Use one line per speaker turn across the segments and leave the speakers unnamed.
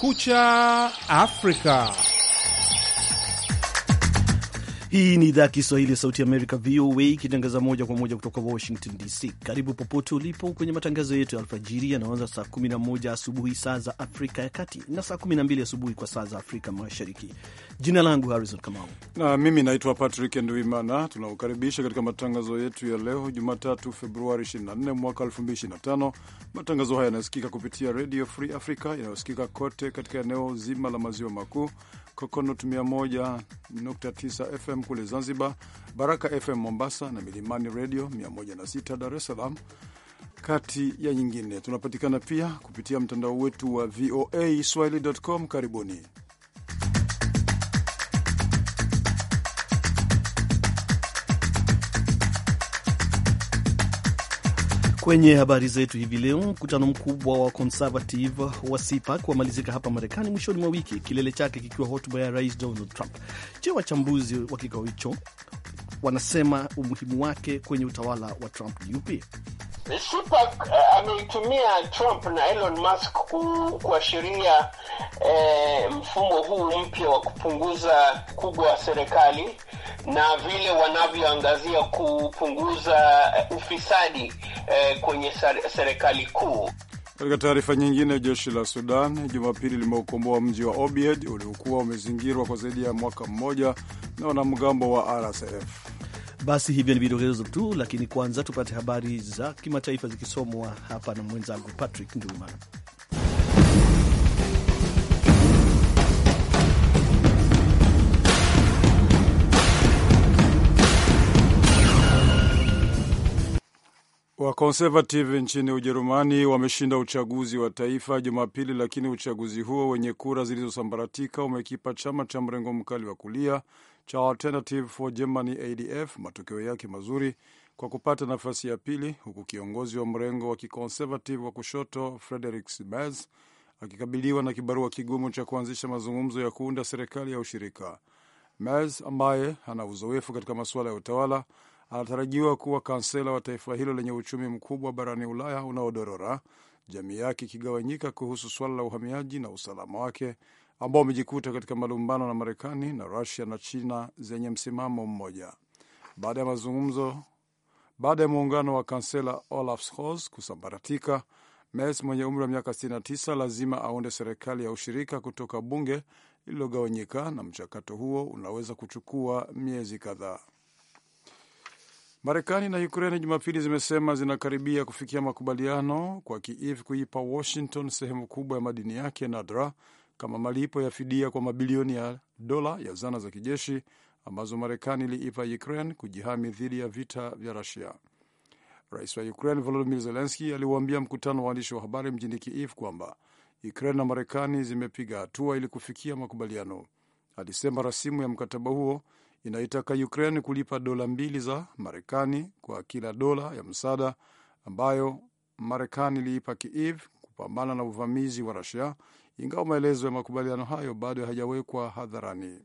Kumekucha Afrika.
Hii ni idhaa ya Kiswahili ya Sauti Amerika, VOA, ikitangaza moja kwa moja kutoka Washington DC. Karibu popote ulipo kwenye matangazo yetu ya alfajiri yanaanza saa 11 asubuhi saa za Afrika ya Kati na saa 12 asubuhi kwa saa za Afrika Mashariki. Jina langu Harrison Kamau
na mimi naitwa Patrick Nduimana. Tunakukaribisha katika matangazo yetu ya leo Jumatatu, Februari 24 mwaka 2025. Matangazo haya yanayosikika kupitia Radio Free Africa inayosikika kote katika eneo zima la maziwa makuu Coconut 101.9 FM kule Zanzibar, Baraka FM Mombasa na Milimani Radio 106 Dar es Salaam, kati ya nyingine. Tunapatikana pia kupitia mtandao wetu wa VOA swahili.com. Karibuni.
Kwenye habari zetu hivi leo, mkutano mkubwa wa Conservative wa CPAC wamalizika hapa Marekani mwishoni mwa wiki, kilele chake kikiwa hotuba ya Rais Donald Trump. Je, wachambuzi wa kikao hicho wanasema umuhimu wake kwenye utawala wa Trump ni upi?
Super uh, ameitumia Trump na Elon Musk kuashiria eh, mfumo huu mpya wa kupunguza ukubwa wa serikali na vile wanavyoangazia kupunguza eh, ufisadi eh, kwenye serikali kuu.
Katika taarifa nyingine, jeshi la Sudan Jumapili limeukomboa mji wa obied uliokuwa umezingirwa kwa zaidi ya mwaka mmoja na wanamgambo wa RSF.
Basi hivyo ni vidokezo tu, lakini kwanza tupate habari za kimataifa zikisomwa hapa na mwenzangu Patrick Nduma.
Wakonservative nchini Ujerumani wameshinda uchaguzi wa taifa Jumapili, lakini uchaguzi huo wenye kura zilizosambaratika umekipa chama cha mrengo mkali wa kulia cha Alternative for Germany ADF matokeo yake mazuri kwa kupata nafasi ya pili, huku kiongozi wa mrengo wa kikonservative wa kushoto Friedrich Merz akikabiliwa na kibarua kigumu cha kuanzisha mazungumzo ya kuunda serikali ya ushirika. Merz ambaye ana uzoefu katika masuala ya utawala anatarajiwa kuwa kansela wa taifa hilo lenye uchumi mkubwa barani Ulaya unaodorora, jamii yake ikigawanyika kuhusu suala la uhamiaji na usalama wake, ambao wamejikuta katika malumbano na Marekani na Rusia na China zenye msimamo mmoja. Baada ya mazungumzo, baada ya muungano wa kansela Olaf Scholz kusambaratika, Merz mwenye umri wa miaka 69 lazima aunde serikali ya ushirika kutoka bunge lililogawanyika, na mchakato huo unaweza kuchukua miezi kadhaa. Marekani na Ukraine Jumapili zimesema zinakaribia kufikia makubaliano kwa Kiev kuipa Washington sehemu kubwa ya madini yake nadra kama malipo ya fidia kwa mabilioni ya dola ya zana za kijeshi ambazo Marekani iliipa Ukraine kujihami dhidi ya vita vya Rusia. Rais wa Ukraine Volodymyr Zelenski aliwaambia mkutano wa waandishi wa habari mjini Kiev kwamba Ukraine na Marekani zimepiga hatua ili kufikia makubaliano. Alisema rasimu ya mkataba huo inaitaka Ukraine kulipa dola mbili za Marekani kwa kila dola ya msaada ambayo Marekani iliipa Kiev kupambana na uvamizi wa Rusia, ingawa maelezo ya makubaliano hayo bado hayajawekwa hadharani.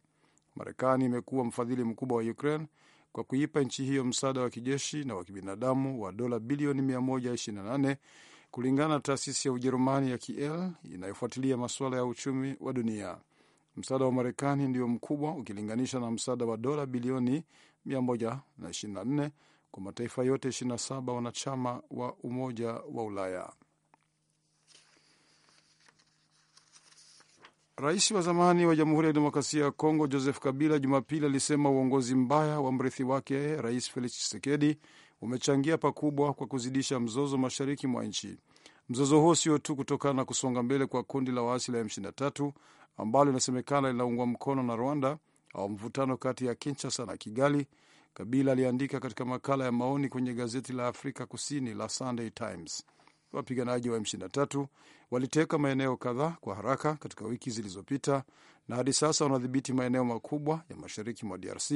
Marekani imekuwa mfadhili mkubwa wa Ukraine kwa kuipa nchi hiyo msaada wa kijeshi na wa kibinadamu wa dola bilioni 128 kulingana na taasisi ya Ujerumani ya Kiel inayofuatilia masuala ya uchumi wa dunia. Msaada wa Marekani ndio mkubwa ukilinganisha na msaada wa dola bilioni 124 kwa mataifa yote 27 wanachama wa Umoja wa Ulaya. Rais wa zamani wa Jamhuri ya Demokrasia ya Kongo Joseph Kabila Jumapili alisema uongozi mbaya wa mrithi wake Rais Felix Tshisekedi umechangia pakubwa kwa kuzidisha mzozo mashariki mwa nchi. Mzozo huo sio tu kutokana na kusonga mbele kwa kundi la waasi la M23 ambalo linasemekana linaungwa mkono na Rwanda au mvutano kati ya Kinshasa na Kigali, Kabila aliandika katika makala ya maoni kwenye gazeti la Afrika Kusini la Sunday Times. Wapiganaji wa M23 waliteka maeneo kadhaa kwa haraka katika wiki zilizopita na hadi sasa wanadhibiti maeneo makubwa ya mashariki mwa DRC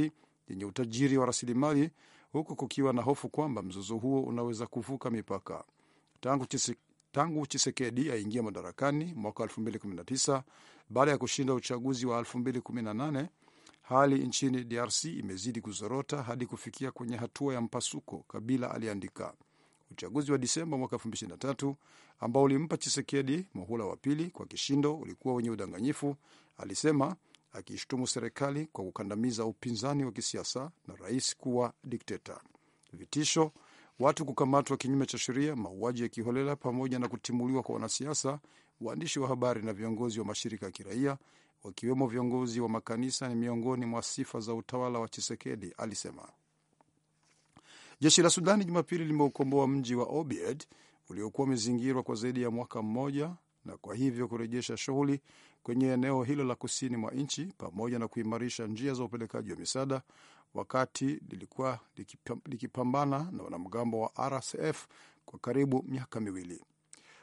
yenye utajiri wa rasilimali, huku kukiwa na hofu kwamba mzozo huo unaweza kuvuka mipaka. Tangu Tangu Chisekedi aingia madarakani mwaka 2019 baada ya kushinda uchaguzi wa 2018, hali nchini DRC imezidi kuzorota hadi kufikia kwenye hatua ya mpasuko, Kabila aliandika. Uchaguzi wa Disemba mwaka 2023 ambao ulimpa Chisekedi muhula wa pili kwa kishindo ulikuwa wenye udanganyifu, alisema, akishutumu serikali kwa kukandamiza upinzani wa kisiasa na rais kuwa dikteta. Vitisho watu kukamatwa kinyume cha sheria, mauaji ya kiholela, pamoja na kutimuliwa kwa wanasiasa, waandishi wa habari na viongozi wa mashirika ya kiraia, wakiwemo viongozi wa makanisa, ni miongoni mwa sifa za utawala wa Chisekedi, alisema. Jeshi la Sudani Jumapili limeukomboa mji wa Obiad uliokuwa umezingirwa kwa zaidi ya mwaka mmoja na kwa hivyo kurejesha shughuli kwenye eneo hilo la kusini mwa nchi pamoja na kuimarisha njia za upelekaji wa misaada wakati lilikuwa likipambana na wanamgambo wa RSF kwa karibu miaka miwili.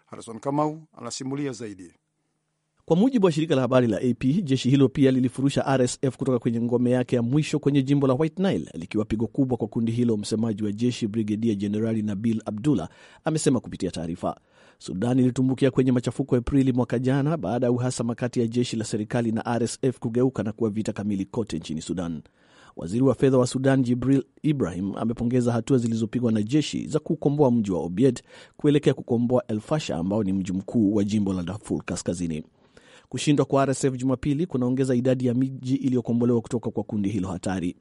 Harison Kamau anasimulia zaidi.
Kwa mujibu wa shirika la habari la AP, jeshi hilo pia lilifurusha RSF kutoka kwenye ngome yake ya mwisho kwenye jimbo la White Nile, likiwa pigo kubwa kwa kundi hilo. Msemaji wa jeshi Brigedia Jenerali Nabil Abdullah amesema kupitia taarifa, Sudan ilitumbukia kwenye machafuko Aprili mwaka jana baada ya uhasama kati ya jeshi la serikali na RSF kugeuka na kuwa vita kamili kote nchini Sudan. Waziri wa fedha wa Sudan Jibril Ibrahim amepongeza hatua zilizopigwa na jeshi za kukomboa mji wa Obiet kuelekea kukomboa El Fasha ambao ni mji mkuu wa jimbo la Darfur Kaskazini. Kushindwa kwa RSF Jumapili kunaongeza idadi ya miji iliyokombolewa kutoka kwa kundi hilo hatari.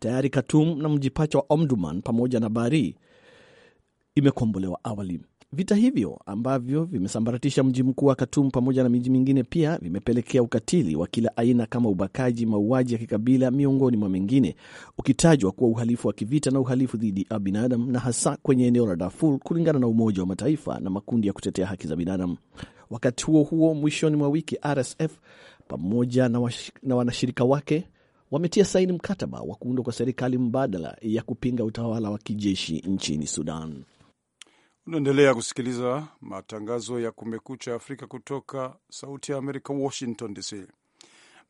Tayari Khartoum na mji pacha wa Omdurman pamoja na Bahri imekombolewa awali. Vita hivyo ambavyo vimesambaratisha mji mkuu wa katumu pamoja na miji mingine pia vimepelekea ukatili wa kila aina kama ubakaji, mauaji ya kikabila, miongoni mwa mengine, ukitajwa kuwa uhalifu wa kivita na uhalifu dhidi ya binadamu, na hasa kwenye eneo la Darfur, kulingana na Umoja wa Mataifa na makundi ya kutetea haki za binadamu. Wakati huo huo, mwishoni mwa wiki RSF pamoja na, na wanashirika wake wametia saini mkataba wa kuundwa kwa serikali mbadala ya kupinga utawala wa kijeshi nchini Sudan.
Unaendelea kusikiliza matangazo ya Kumekucha Afrika kutoka Sauti ya Amerika, Washington DC.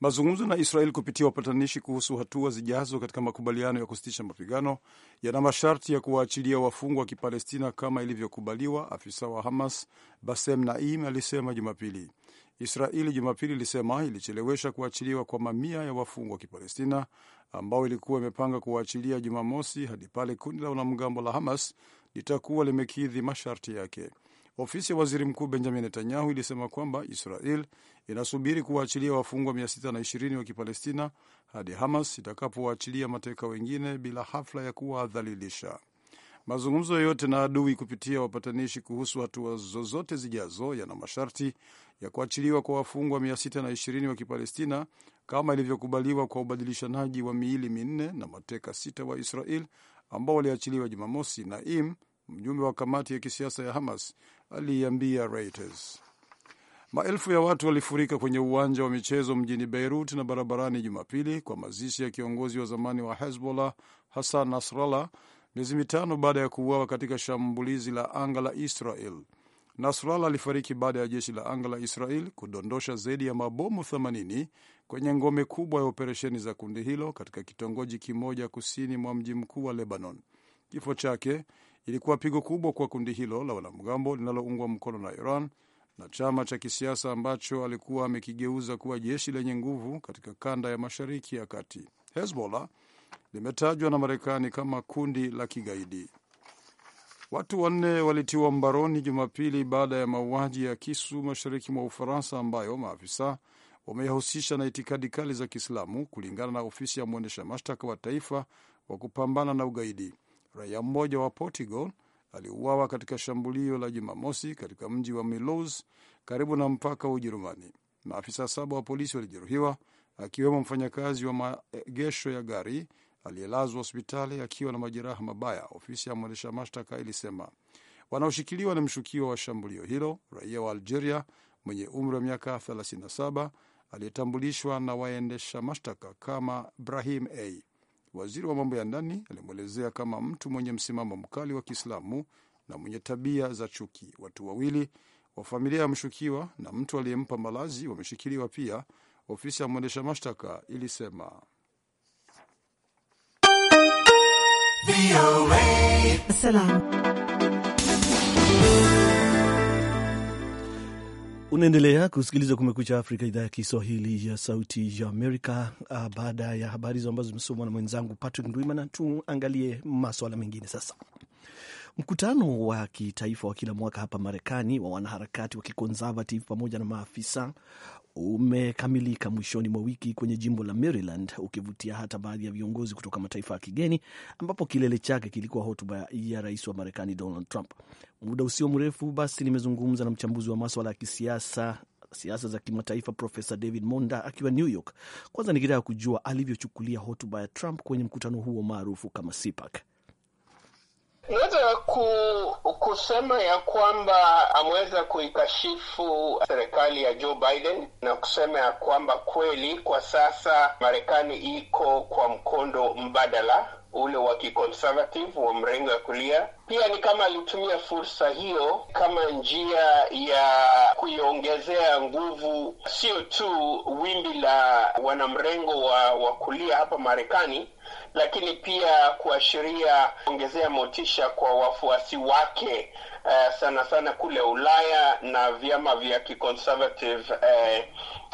Mazungumzo na Israel kupitia wapatanishi kuhusu hatua zijazo katika makubaliano ya kusitisha mapigano yana masharti ya kuwaachilia wafungwa wa Kipalestina kama ilivyokubaliwa, afisa wa Hamas Basem Naim alisema Jumapili. Israeli Jumapili ilisema ilichelewesha kuachiliwa kwa mamia ya wafungwa wa Kipalestina ambao ilikuwa imepanga kuwaachilia Jumamosi hadi pale kundi la wanamgambo la Hamas litakuwa limekidhi masharti yake. Ofisi ya waziri mkuu Benjamin Netanyahu ilisema kwamba Israel inasubiri kuwaachilia wafungwa 620 wa Kipalestina hadi Hamas itakapowaachilia mateka wengine bila hafla ya kuwadhalilisha. Mazungumzo yoyote na adui kupitia wapatanishi kuhusu hatua zozote zijazo yana masharti ya kuachiliwa kwa wafungwa 620 wa Kipalestina kama ilivyokubaliwa kwa ubadilishanaji wa miili minne na mateka sita wa Israel ambao waliachiliwa Jumamosi. Naim, mjumbe wa kamati ya kisiasa ya Hamas, aliiambia Reuters. Maelfu ya watu walifurika kwenye uwanja wa michezo mjini Beirut na barabarani Jumapili kwa mazishi ya kiongozi wa zamani wa Hezbollah Hassan Nasrallah miezi mitano baada ya kuuawa katika shambulizi la anga la Israel. Nasrallah alifariki baada ya jeshi la anga la Israel kudondosha zaidi ya mabomu 80 kwenye ngome kubwa ya operesheni za kundi hilo katika kitongoji kimoja kusini mwa mji mkuu wa Lebanon. Kifo chake ilikuwa pigo kubwa kwa kundi hilo la wanamgambo linaloungwa mkono na Iran na chama cha kisiasa ambacho alikuwa amekigeuza kuwa jeshi lenye nguvu katika kanda ya Mashariki ya Kati. Hezbollah limetajwa na Marekani kama kundi la kigaidi. Watu wanne walitiwa mbaroni Jumapili baada ya mauaji ya kisu mashariki mwa Ufaransa ambayo maafisa wameyahusisha na itikadi kali za Kiislamu, kulingana na ofisi ya mwendesha mashtaka wa taifa wa kupambana na ugaidi. Raia mmoja wa Portugal aliuawa katika shambulio la Jumamosi katika mji wa Milos karibu na mpaka wa Ujerumani. Maafisa saba wa polisi walijeruhiwa akiwemo mfanyakazi wa maegesho ya gari aliyelazwa hospitali akiwa na majeraha mabaya, ofisi ya mwendesha mashtaka ilisema. Wanaoshikiliwa na mshukiwa wa shambulio hilo, raia wa Algeria mwenye umri wa miaka 37 aliyetambulishwa na waendesha mashtaka kama Brahim A. Waziri wa mambo ya ndani alimwelezea kama mtu mwenye msimamo mkali wa Kiislamu na mwenye tabia za chuki. Watu wawili wa familia ya mshukiwa na mtu aliyempa malazi wameshikiliwa pia ofisi ya mwendesha mashtaka ilisema.
Unaendelea kusikiliza Kumekucha Afrika, idhaa ya Kiswahili ya Sauti ya Amerika. Ah, baada ya habari hizo ambazo zimesomwa na mwenzangu Patrick Ndwimana, tuangalie maswala mengine sasa. Mkutano wa kitaifa wa kila mwaka hapa Marekani wa wanaharakati wa kiconservative pamoja na maafisa umekamilika mwishoni mwa wiki kwenye jimbo la Maryland, ukivutia hata baadhi ya viongozi kutoka mataifa ya kigeni, ambapo kilele chake kilikuwa hotuba ya rais wa Marekani Donald Trump. Muda usio mrefu basi, nimezungumza na mchambuzi wa maswala ya kisiasa siasa za kimataifa Profesa David Monda akiwa New York. Kwanza nikitaka kujua alivyochukulia hotuba ya Trump kwenye mkutano huo maarufu kama CPAC
naweza ku, kusema ya kwamba ameweza kuikashifu serikali ya Joe Biden na kusema ya kwamba kweli kwa sasa Marekani iko kwa mkondo mbadala ule wa kiconservative wa mrengo ya kulia pia ni kama alitumia fursa hiyo kama njia ya kuiongezea nguvu sio tu wimbi la wanamrengo wa, wakulia hapa Marekani, lakini pia kuashiria ongezea motisha kwa wafuasi wake uh, sana sana kule Ulaya na vyama vya kiconservative uh,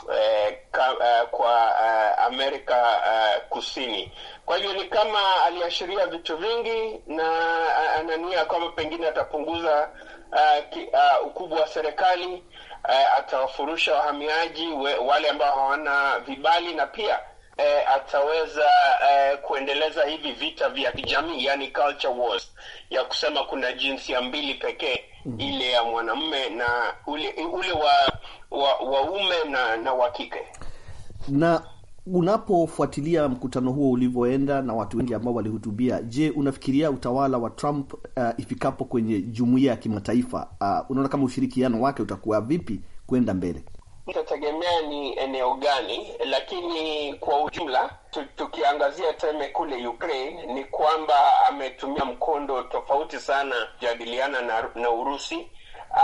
uh, ka, uh, kwa uh, Amerika uh, Kusini. Kwa hivyo ni kama aliashiria vitu vingi na nia kwamba pengine atapunguza uh, ki, uh, ukubwa wa serikali uh, atawafurusha wahamiaji we, wale ambao hawana vibali na pia uh, ataweza uh, kuendeleza hivi vita vya kijamii yani culture wars ya kusema kuna jinsi ya mbili pekee mhm. ile ya mwanamume na ule, ule wa, wa na na wa kike
na unapofuatilia mkutano huo ulivyoenda na watu wengi ambao walihutubia, je, unafikiria utawala wa Trump uh, ifikapo kwenye jumuiya ya kimataifa uh, unaona kama ushirikiano wake utakuwa vipi kwenda mbele? Itategemea ni eneo gani, lakini kwa ujumla
tukiangazia teme kule Ukraine ni kwamba ametumia mkondo tofauti sana kujadiliana na, na Urusi.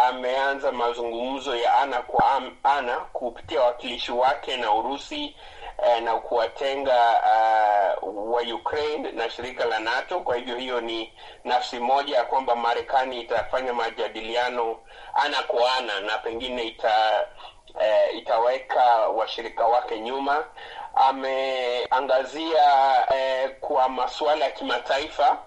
Ameanza mazungumzo ya ana kwa ana kupitia wakilishi wake na Urusi eh, na kuwatenga uh, wa Ukraine na shirika la NATO. Kwa hivyo hiyo ni nafsi moja ya kwamba Marekani itafanya majadiliano ana kwa ana na pengine ita eh, itaweka washirika wake nyuma. Ameangazia eh, kwa masuala ya kimataifa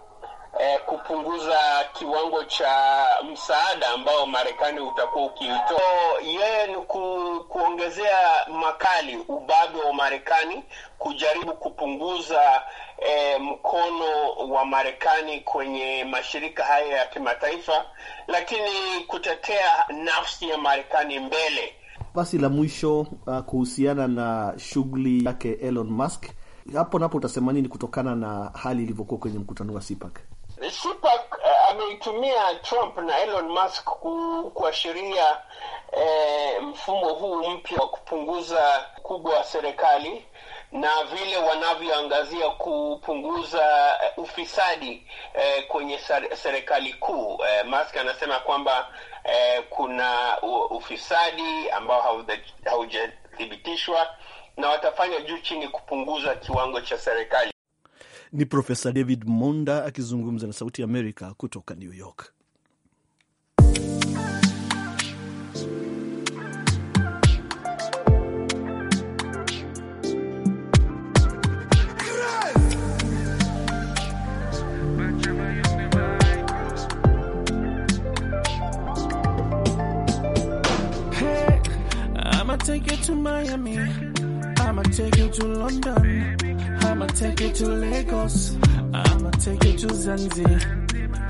eh, kupunguza kiwango cha msaada ambao Marekani utakuwa ukiitoa. So, yeye ni ku, kuongezea makali ubabe wa Marekani kujaribu kupunguza eh, mkono wa Marekani kwenye mashirika haya ya kimataifa, lakini kutetea nafsi ya Marekani mbele.
Basi la mwisho uh, kuhusiana na shughuli yake Elon Musk, hapo napo utasema nini kutokana na hali ilivyokuwa kwenye mkutano wa CPAC?
uh, ameitumia Trump na Elon Musk kuashiria eh, mfumo huu mpya wa kupunguza ukubwa wa serikali na vile wanavyoangazia kupunguza eh, ufisadi eh, kwenye serikali kuu. Eh, Musk anasema kwamba eh, kuna ufisadi ambao haujathibitishwa na watafanya juu chini kupunguza kiwango cha serikali.
Ni Profesa David Monda akizungumza na Sauti ya Amerika kutoka New York.
take you to Miami. I'ma take you to London. I'ma take you to Lagos. I'ma take you to Zanzibar.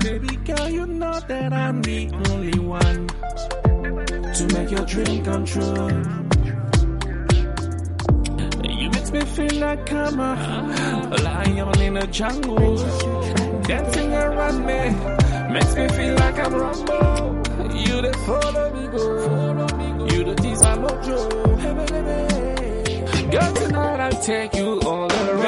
Baby
girl, you know that I'm the only one to make your dream come true. You makes me feel like I'm
a lion in the jungle, dancing around me. Makes me feel like I'm Rambo. You the follow me, go. You the tease my mojo.
Girl, tonight I'll take you on.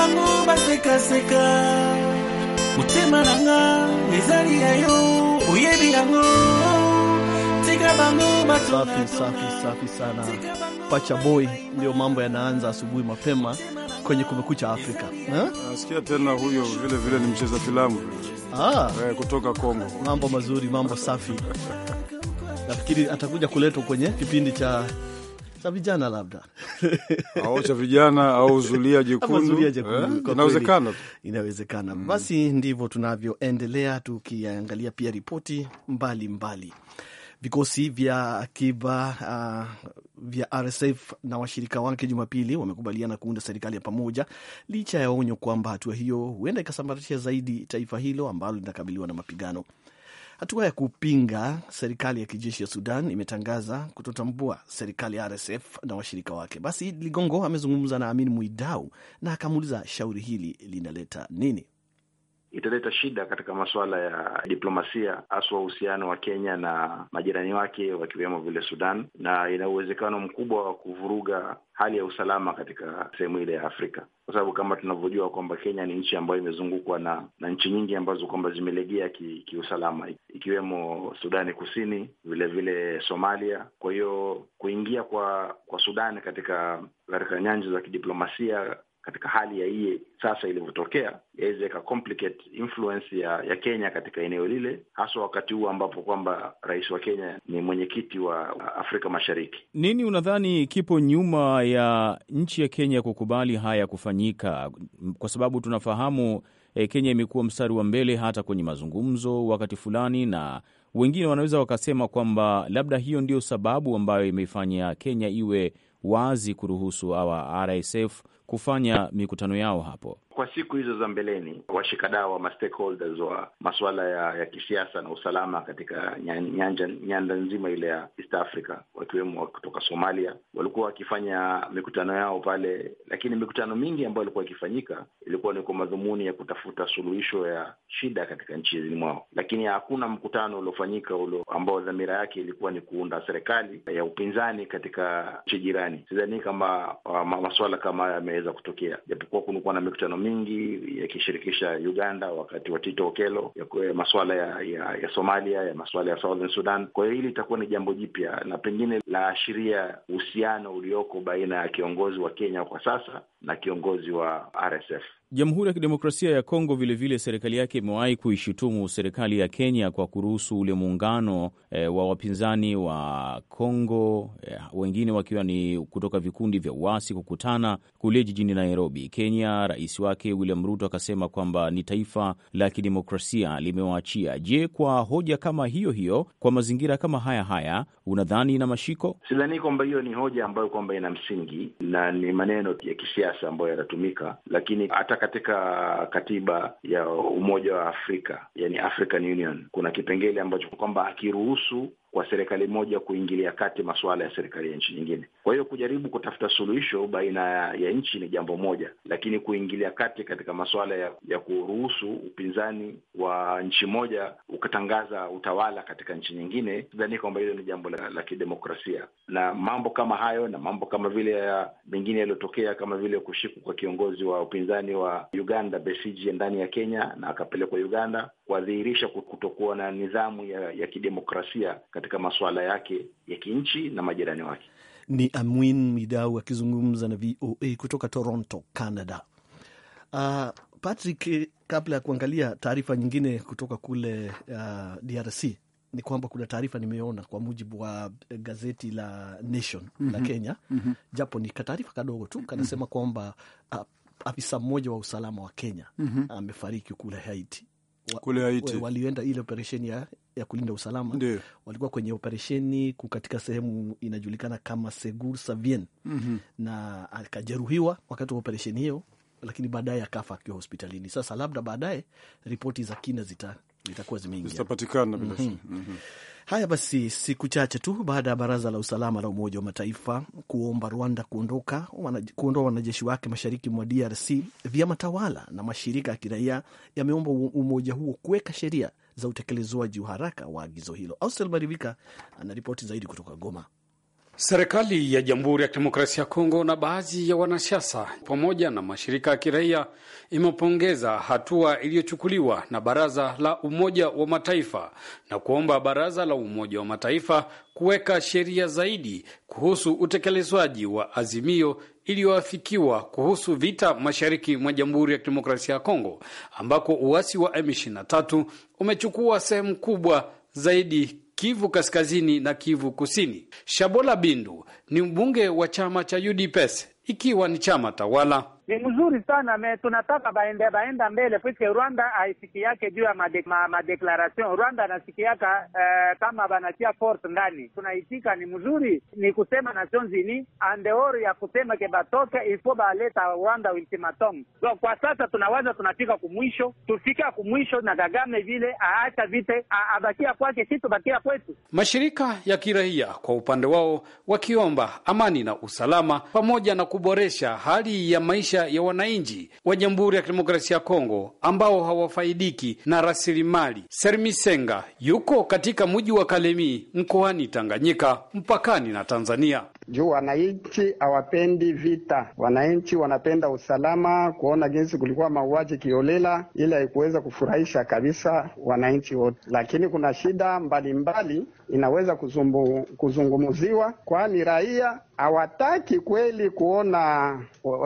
bango basekaseka motema na nga ezali ya yo oyebi yango tika bango basafi safi safi sana pacha boy ndio mambo yanaanza asubuhi mapema kwenye kumekucha Afrika.
Eh? Nasikia tena huyo vile vile ni mcheza filamu ah, eh, kutoka Kongo.
Mambo mazuri, mambo safi nafikiri atakuja kuletwa kwenye kipindi cha za vijana labda
au cha vijana au zulia jekundu eh? Inawezekana,
inawezekana mm. Basi ndivyo tunavyoendelea tukiangalia pia ripoti mbalimbali. Vikosi vya akiba uh, vya RSF na washirika wake Jumapili wamekubaliana kuunda serikali ya pamoja licha ya onyo kwamba hatua hiyo huenda ikasambaratisha zaidi taifa hilo ambalo linakabiliwa na mapigano. Hatua ya kupinga serikali ya kijeshi ya Sudan imetangaza kutotambua serikali ya RSF na washirika wake. Basi Ligongo amezungumza na Amin Mwidau na akamuuliza shauri hili linaleta nini
italeta shida katika masuala ya diplomasia, haswa uhusiano wa Kenya na majirani wake wakiwemo vile Sudan, na ina uwezekano mkubwa wa kuvuruga hali ya usalama katika sehemu ile ya Afrika, kwa sababu kama tunavyojua kwamba Kenya ni nchi ambayo imezungukwa na, na nchi nyingi ambazo kwamba zimelegea kiusalama ki ikiwemo Sudani Kusini, vilevile vile Somalia. Kwa hiyo kuingia kwa kwa Sudani katika katika nyanja za kidiplomasia katika hali ya hii sasa ilivyotokea, yaweze ika complicate influence ya ya Kenya katika eneo lile, haswa wakati huu ambapo kwamba rais wa Kenya ni mwenyekiti wa Afrika Mashariki.
Nini unadhani kipo nyuma ya nchi ya Kenya kukubali haya kufanyika? Kwa sababu tunafahamu eh, Kenya imekuwa mstari wa mbele hata kwenye mazungumzo wakati fulani, na wengine wanaweza wakasema kwamba labda hiyo ndio sababu ambayo imeifanya Kenya iwe wazi kuruhusu hawa RSF kufanya mikutano yao hapo
siku hizo za mbeleni, washikadau ama stakeholders wa masuala ya, ya kisiasa na usalama katika nyanja, nyanda nzima ile ya East Africa, wakiwemo kutoka Somalia, walikuwa wakifanya mikutano yao pale, lakini mikutano mingi ambayo ilikuwa ikifanyika ilikuwa ni kwa madhumuni ya kutafuta suluhisho ya shida katika nchi mwao, lakini hakuna mkutano uliofanyika ulo ambao dhamira yake ilikuwa ni kuunda serikali ya upinzani katika nchi jirani. Sidhani kama uh, masuala kama haya yameweza kutokea, japokuwa kulikuwa na mikutano mingi mingi yakishirikisha Uganda wakati wa Tito Okello, ya masuala ya, ya, ya Somalia, ya masuala ya Southern Sudan. Kwa hiyo hili itakuwa ni jambo jipya na pengine laashiria uhusiano ulioko baina ya kiongozi wa Kenya kwa sasa na kiongozi wa RSF.
Jamhuri ya Kidemokrasia ya Kongo vilevile serikali yake imewahi kuishutumu serikali ya Kenya kwa kuruhusu ule muungano e, wa wapinzani wa Kongo e, wengine wakiwa ni kutoka vikundi vya uasi kukutana kule jijini Nairobi, Kenya. Rais wake William Ruto akasema kwamba ni taifa la kidemokrasia limewaachia. Je, kwa hoja kama hiyo hiyo, kwa mazingira kama haya haya, unadhani ina mashiko?
Sidhani kwamba hiyo ni hoja ambayo kwamba ina msingi na ni maneno ya kisiasa ambayo yanatumika, lakini katika katiba ya Umoja wa Afrika, yani African Union, kuna kipengele ambacho kwamba akiruhusu kwa serikali moja kuingilia kati masuala ya serikali ya nchi nyingine. Kwa hiyo kujaribu kutafuta suluhisho baina ya nchi ni jambo moja, lakini kuingilia kati katika masuala ya, ya kuruhusu upinzani wa nchi moja ukatangaza utawala katika nchi nyingine, sidhani kwamba hilo ni jambo la, la kidemokrasia. Na mambo kama hayo na mambo kama vile ya mengine yaliyotokea kama vile kushikwa kwa kiongozi wa upinzani wa Uganda Besigye ndani ya Kenya na akapelekwa Uganda, wadhihirisha kutokuwa na nidhamu ya, ya kidemokrasia katika masuala yake ya kinchi na majirani wake.
Ni Amwin Midau akizungumza na VOA kutoka Toronto, Canada. Uh, Patrick, kabla ya kuangalia taarifa nyingine kutoka kule uh, ah, DRC ni kwamba kuna taarifa nimeona kwa mujibu wa gazeti la Nation mm -hmm. la mhm. Kenya mm -hmm. japo ni kataarifa kadogo tu kanasema mm -hmm. kwamba uh, afisa mmoja wa usalama wa Kenya mm -hmm. amefariki kule Haiti kule Haiti walioenda ile operesheni ya, ya kulinda usalama Ndiyo. walikuwa kwenye operesheni katika sehemu inajulikana kama Segur Savien mm -hmm. na akajeruhiwa wakati wa operesheni hiyo, lakini baadaye akafa akiwa hospitalini. Sasa labda baadaye ripoti za kina zita zitakuwa zimeingia,
zitapatikana bila mhm. shaka. mm -hmm.
Haya basi, siku chache tu baada ya baraza la usalama la Umoja wa Mataifa kuomba Rwanda kuondoka kuondoa wanajeshi wake mashariki mwa DRC, vyama tawala na mashirika ya kiraia yameomba umoja huo kuweka sheria za utekelezwaji wa haraka wa agizo hilo. Austel Marivika anaripoti zaidi kutoka Goma. Serikali
ya Jamhuri ya Kidemokrasia ya Kongo na baadhi ya wanasiasa pamoja na mashirika ya kiraia imepongeza hatua iliyochukuliwa na Baraza la Umoja wa Mataifa na kuomba Baraza la Umoja wa Mataifa kuweka sheria zaidi kuhusu utekelezwaji wa azimio iliyoafikiwa kuhusu vita mashariki mwa Jamhuri ya Kidemokrasia ya Kongo ambako uasi wa M23 umechukua sehemu kubwa zaidi Kivu Kaskazini na Kivu Kusini. Shabola Bindu ni mbunge wa chama cha UDPS ikiwa ni chama tawala ni mzuri sana, tunataka baende baenda mbele, puiske Rwanda haisiki yake juu ya made, ma, madeklaration. Rwanda anasikiaka uh, eh, kama banatia force ndani, tunaitika ni mzuri, ni kusema nation zini andeori ya kusema ke batoke ifo baleta Rwanda ultimatum. So, kwa sasa tunawaza tunafika kumwisho, tufika kumwisho na Kagame vile aacha vite
abakia kwake, si tubakia kwetu.
Mashirika ya kirahia kwa upande wao wakiomba amani na usalama pamoja na kuboresha hali ya maisha maisha ya wananchi wa Jamhuri ya Kidemokrasia ya Kongo ambao hawafaidiki na rasilimali. Sermisenga yuko katika mji wa Kalemi mkoani Tanganyika mpakani na Tanzania
juu wananchi hawapendi vita, wananchi wanapenda usalama. Kuona jinsi kulikuwa mauaji kiolela, ili haikuweza kufurahisha kabisa wananchi wote, lakini kuna shida mbalimbali mbali, inaweza kuzumbu, kuzungumuziwa, kwani raia hawataki kweli kuona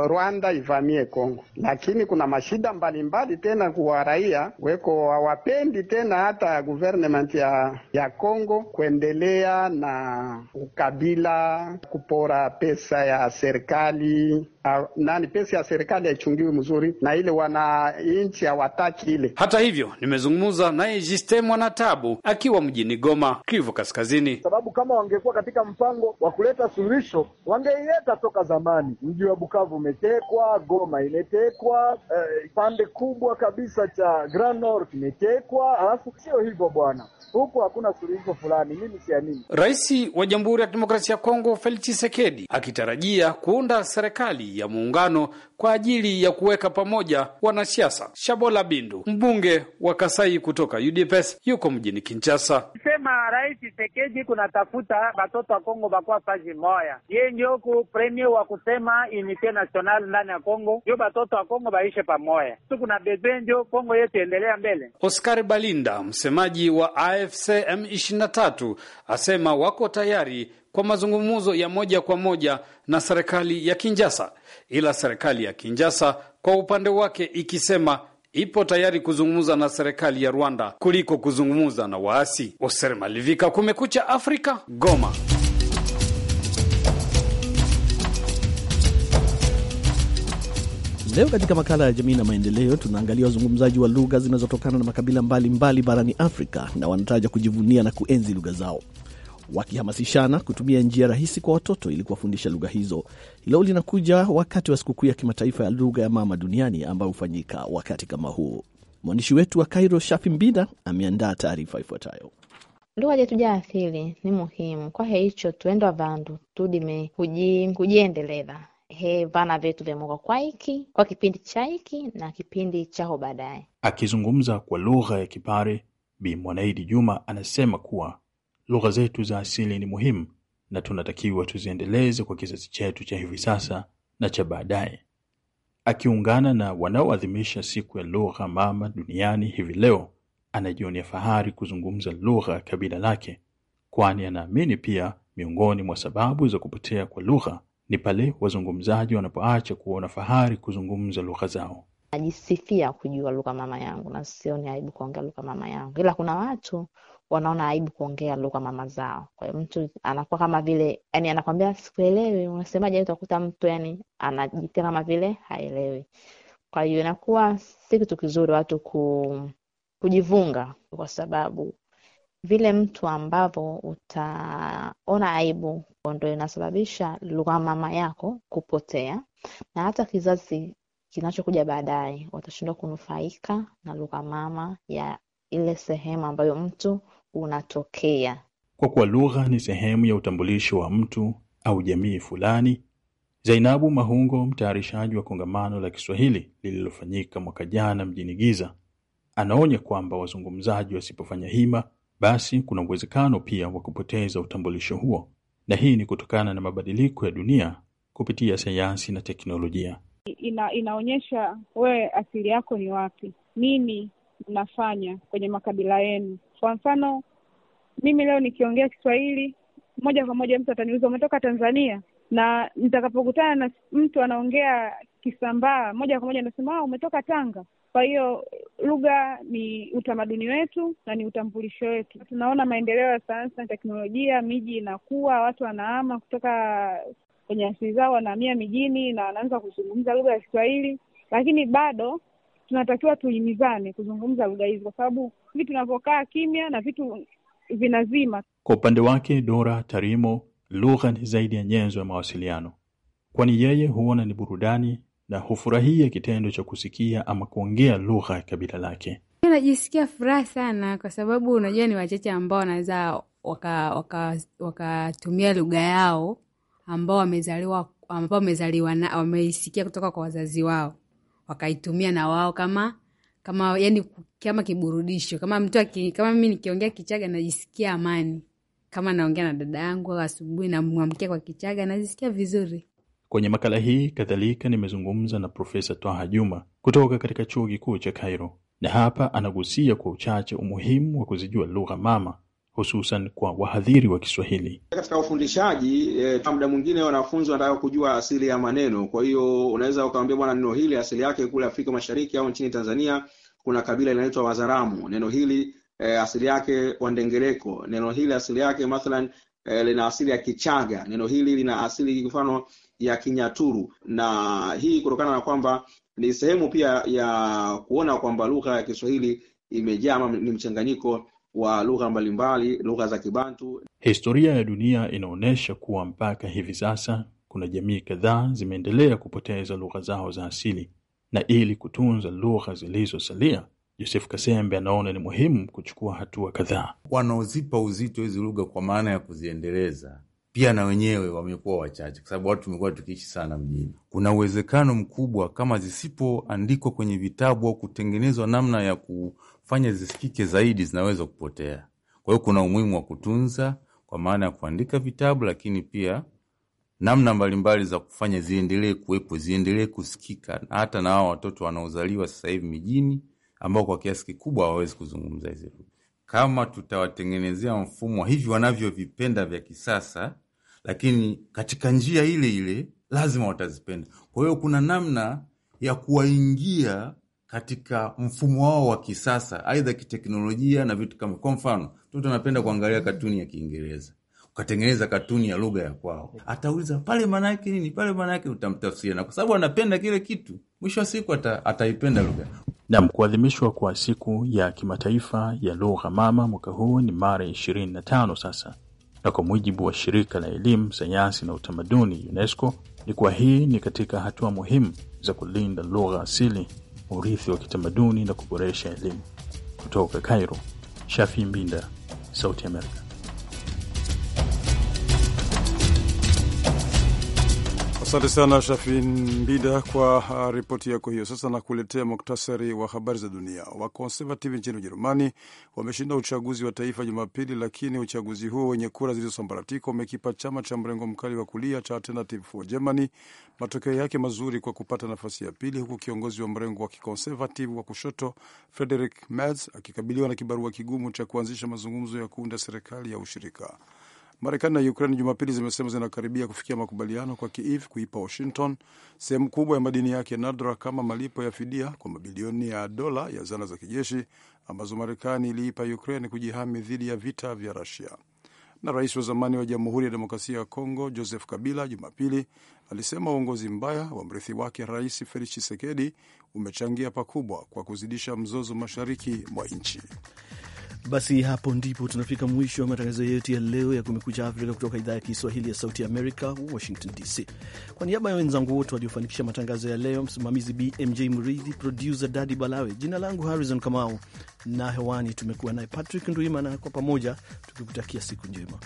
Rwanda ivamie Kongo, lakini kuna mashida mbalimbali mbali tena kuwa raia weko hawapendi tena hata government ya, ya Kongo kuendelea na ukabila por a peça a lhe Ah, nani pesa ya serikali haichungiwi mzuri, na ile wananchi hawataki ile. Hata
hivyo nimezungumza naye Jiste Mwanatabu akiwa mjini Goma, Kivu Kaskazini,
sababu kama wangekuwa katika mpango wa kuleta
suluhisho
wangeileta toka zamani. Mji wa Bukavu umetekwa, Goma imetekwa, kipande eh, pande kubwa kabisa cha Grand Nord kimetekwa, alafu sio hivyo bwana, huku hakuna suluhisho fulani. Mimi siamini. Rais wa Jamhuri ya Kidemokrasia ya Kongo Felix Tshisekedi akitarajia kuunda serikali ya muungano kwa ajili ya kuweka pamoja wanasiasa. Shabola Bindu, mbunge wa Kasai kutoka UDPS, yuko mjini Kinshasa. Sema Rais Tshisekedi kunatafuta batoto wa Kongo bakuwa fazi moya, ye ndio premie premier wa kusema unite national ndani ya Kongo, ndio batoto wa Kongo baishe pamoya, kuna bebe, njo Kongo yetu endelea mbele. Oscar Balinda, msemaji wa AFC M23, asema wako tayari kwa mazungumzo ya moja kwa moja na serikali ya Kinjasa, ila serikali ya Kinjasa kwa upande wake ikisema ipo tayari kuzungumza na serikali ya Rwanda kuliko kuzungumza na waasi. Oser Malivika, Kumekucha Afrika, Goma.
Leo katika makala ya jamii na maendeleo tunaangalia wazungumzaji wa lugha zinazotokana na makabila mbalimbali mbali barani Afrika na wanataja kujivunia na kuenzi lugha zao wakihamasishana kutumia njia rahisi kwa watoto ili kuwafundisha lugha hizo. Hilo linakuja wakati wa sikukuu ya kimataifa ya lugha ya mama duniani ambayo hufanyika wakati kama huu. Mwandishi wetu wa Kairo, Shafi Mbida, ameandaa taarifa ifuatayo.
Lugha yetu asili ni muhimu kwa heicho tuendwa vandu tudime kujiendeleza he vana vetu vyamoka kwa iki kwa kipindi cha iki na kipindi chaho baadaye.
Akizungumza kwa lugha ya Kipare, Bi Mwanaidi Juma anasema kuwa Lugha zetu za asili ni muhimu na tunatakiwa tuziendeleze kwa kizazi chetu cha hivi sasa na cha baadaye. Akiungana na wanaoadhimisha siku ya lugha mama duniani hivi leo, anajionia fahari kuzungumza lugha kabila lake, kwani anaamini pia miongoni mwa sababu za kupotea kwa lugha ni pale wazungumzaji wanapoacha kuona fahari kuzungumza lugha zao.
Najisifia kujua lugha mama yangu na sioni aibu kuongea lugha mama yangu, ila kuna watu wanaona aibu kuongea lugha mama zao. Kwa hiyo mtu anakuwa kama vile yani, anakwambia sikuelewi, unasemaje? Utakuta mtu yani anajitia kama vile haelewi. Kwa hiyo inakuwa si kitu kizuri watu ku, kujivunga, kwa sababu vile mtu ambavyo utaona aibu ndio inasababisha lugha mama yako kupotea, na hata kizazi kinachokuja baadaye watashindwa kunufaika na lugha mama ya ile sehemu ambayo mtu unatokea.
Kwa kuwa lugha ni sehemu ya utambulisho wa mtu au jamii fulani, Zainabu Mahungo, mtayarishaji wa kongamano la Kiswahili lililofanyika mwaka jana mjini Giza, anaonya kwamba wazungumzaji wasipofanya hima, basi kuna uwezekano pia wa kupoteza utambulisho huo, na hii ni kutokana na mabadiliko ya dunia kupitia sayansi na teknolojia.
Ina, inaonyesha wewe asili yako ni wapi, nini mnafanya kwenye makabila yenu. Kwa mfano mimi leo nikiongea Kiswahili moja kwa moja mtu ataniuliza umetoka Tanzania, na nitakapokutana na mtu anaongea Kisambaa moja kwa moja anasema ah, umetoka Tanga. Kwa hiyo lugha ni utamaduni wetu na ni utambulisho wetu. Tunaona maendeleo ya sayansi na teknolojia, miji inakuwa, watu wanahama kutoka kwenye asili zao, wanahamia mijini na wanaanza kuzungumza lugha ya Kiswahili, lakini bado tunatakiwa tuhimizane kuzungumza lugha hizi, kwa sababu hivi tunavyokaa kimya na vitu vinazima.
Kwa upande wake Dora Tarimo, lugha ni zaidi ya nyenzo ya mawasiliano, kwani yeye huona ni burudani na hufurahia kitendo cha kusikia ama kuongea lugha ya kabila lake.
Najisikia furaha sana kwa sababu unajua ni wachache ambao wanaweza wakatumia waka, waka lugha yao ambao wamezaliwa ambao wamezaliwa na wameisikia kutoka kwa wazazi wao wakaitumia na wao kama kama yani kama kiburudisho, kama mtu kama mimi nikiongea Kichaga najisikia amani, kama naongea na dada yangu au asubuhi namwamkia kwa Kichaga najisikia vizuri.
Kwenye makala hii kadhalika nimezungumza na Profesa Twaha Juma kutoka katika chuo kikuu cha Cairo, na hapa anagusia kwa uchache umuhimu wa kuzijua lugha mama hususan kwa wahadhiri wa Kiswahili.
Katika ufundishaji Eh, muda mwingine wanafunzi wanataka kujua asili ya maneno. Kwa hiyo unaweza ukamwambia bwana, neno hili asili yake kule Afrika Mashariki au nchini Tanzania kuna kabila linaitwa Wazaramu. Neno hili eh, asili yake
Wandengereko. Neno hili asili yake mathalan e, lina asili ya Kichaga. Neno hili lina asili
mfano ya Kinyaturu, na hii kutokana na kwamba ni sehemu pia ya kuona kwamba lugha ya Kiswahili imejaa ni mchanganyiko wa lugha
mbalimbali, lugha za Kibantu.
Historia ya dunia inaonyesha kuwa mpaka hivi sasa kuna jamii kadhaa zimeendelea kupoteza lugha zao za asili, na ili kutunza lugha zilizosalia Yosefu Kasembe anaona ni muhimu kuchukua hatua kadhaa.
Wanaozipa uzito hizi lugha kwa maana ya kuziendeleza pia na wenyewe wamekuwa wachache, kwa sababu watu tumekuwa tukiishi sana mjini. Kuna uwezekano mkubwa kama zisipoandikwa kwenye vitabu au kutengenezwa namna ya kufanya zisikike zaidi, zinaweza kupotea. Kwa hiyo kuna umuhimu wa kutunza, kwa maana ya kuandika vitabu, lakini pia namna mbalimbali za kufanya ziendelee kuwepo, ziendelee kusikika, hata na hawa watoto wanaozaliwa sasa hivi mijini, ambao kwa kiasi kikubwa hawawezi kuzungumza hizi lugha. Kama tutawatengenezea mfumo hivi wanavyovipenda vya kisasa lakini katika njia ile ile lazima watazipenda. Kwa hiyo kuna namna ya kuwaingia katika mfumo wao wa kisasa, aidha kiteknolojia na vitu kama. Kwa mfano, mtoto anapenda kuangalia katuni ya Kiingereza, ukatengeneza katuni ya lugha ya kwao, atauliza pale maana yake nini? Pale maana yake utamtafsiria, na kwa sababu anapenda kile kitu, mwisho wa siku ata, ataipenda lugha.
Nam, kuadhimishwa kwa siku ya kimataifa ya lugha mama mwaka huu ni mara ishirini na tano sasa na kwa mujibu wa shirika la elimu, sayansi na utamaduni UNESCO, ni kuwa hii ni katika hatua muhimu za kulinda lugha asili, urithi wa kitamaduni na kuboresha elimu. Kutoka Cairo, Shafi Mbinda, Sauti america
Asante sana Shafin Bida kwa uh, ripoti yako hiyo. Sasa nakuletea muktasari wa habari za dunia. Wakonservative nchini Ujerumani wameshinda uchaguzi wa taifa Jumapili, lakini uchaguzi huo wenye kura zilizosambaratika umekipa chama cha mrengo mkali wa kulia cha Alternative for Germany matokeo yake mazuri kwa kupata nafasi ya pili, huku kiongozi wa mrengo wa kikonservative wa kushoto Friedrich Merz akikabiliwa na kibarua kigumu cha kuanzisha mazungumzo ya kuunda serikali ya ushirika. Marekani na Ukraine Jumapili zimesema zinakaribia kufikia makubaliano kwa Kiev kuipa Washington sehemu kubwa ya madini yake nadra kama malipo ya fidia kwa mabilioni ya dola ya zana za kijeshi ambazo Marekani iliipa Ukraine kujihami dhidi ya vita vya Rusia. Na rais wa zamani wa Jamhuri ya Demokrasia ya Kongo Joseph Kabila Jumapili alisema uongozi mbaya wa mrithi wake Rais Felix Tshisekedi umechangia pakubwa kwa kuzidisha mzozo mashariki mwa nchi.
Basi hapo ndipo tunafika mwisho wa matangazo yetu ya leo ya Kumekucha Afrika kutoka idhaa ya Kiswahili ya Sauti Amerika, Washington DC. Kwa niaba ya wenzangu wote waliofanikisha matangazo ya leo, msimamizi BMJ Mridhi, produsa Dadi Balawe, jina langu Harrison Kamau na hewani tumekuwa naye Patrick Ndwimana, kwa pamoja tukikutakia siku njema.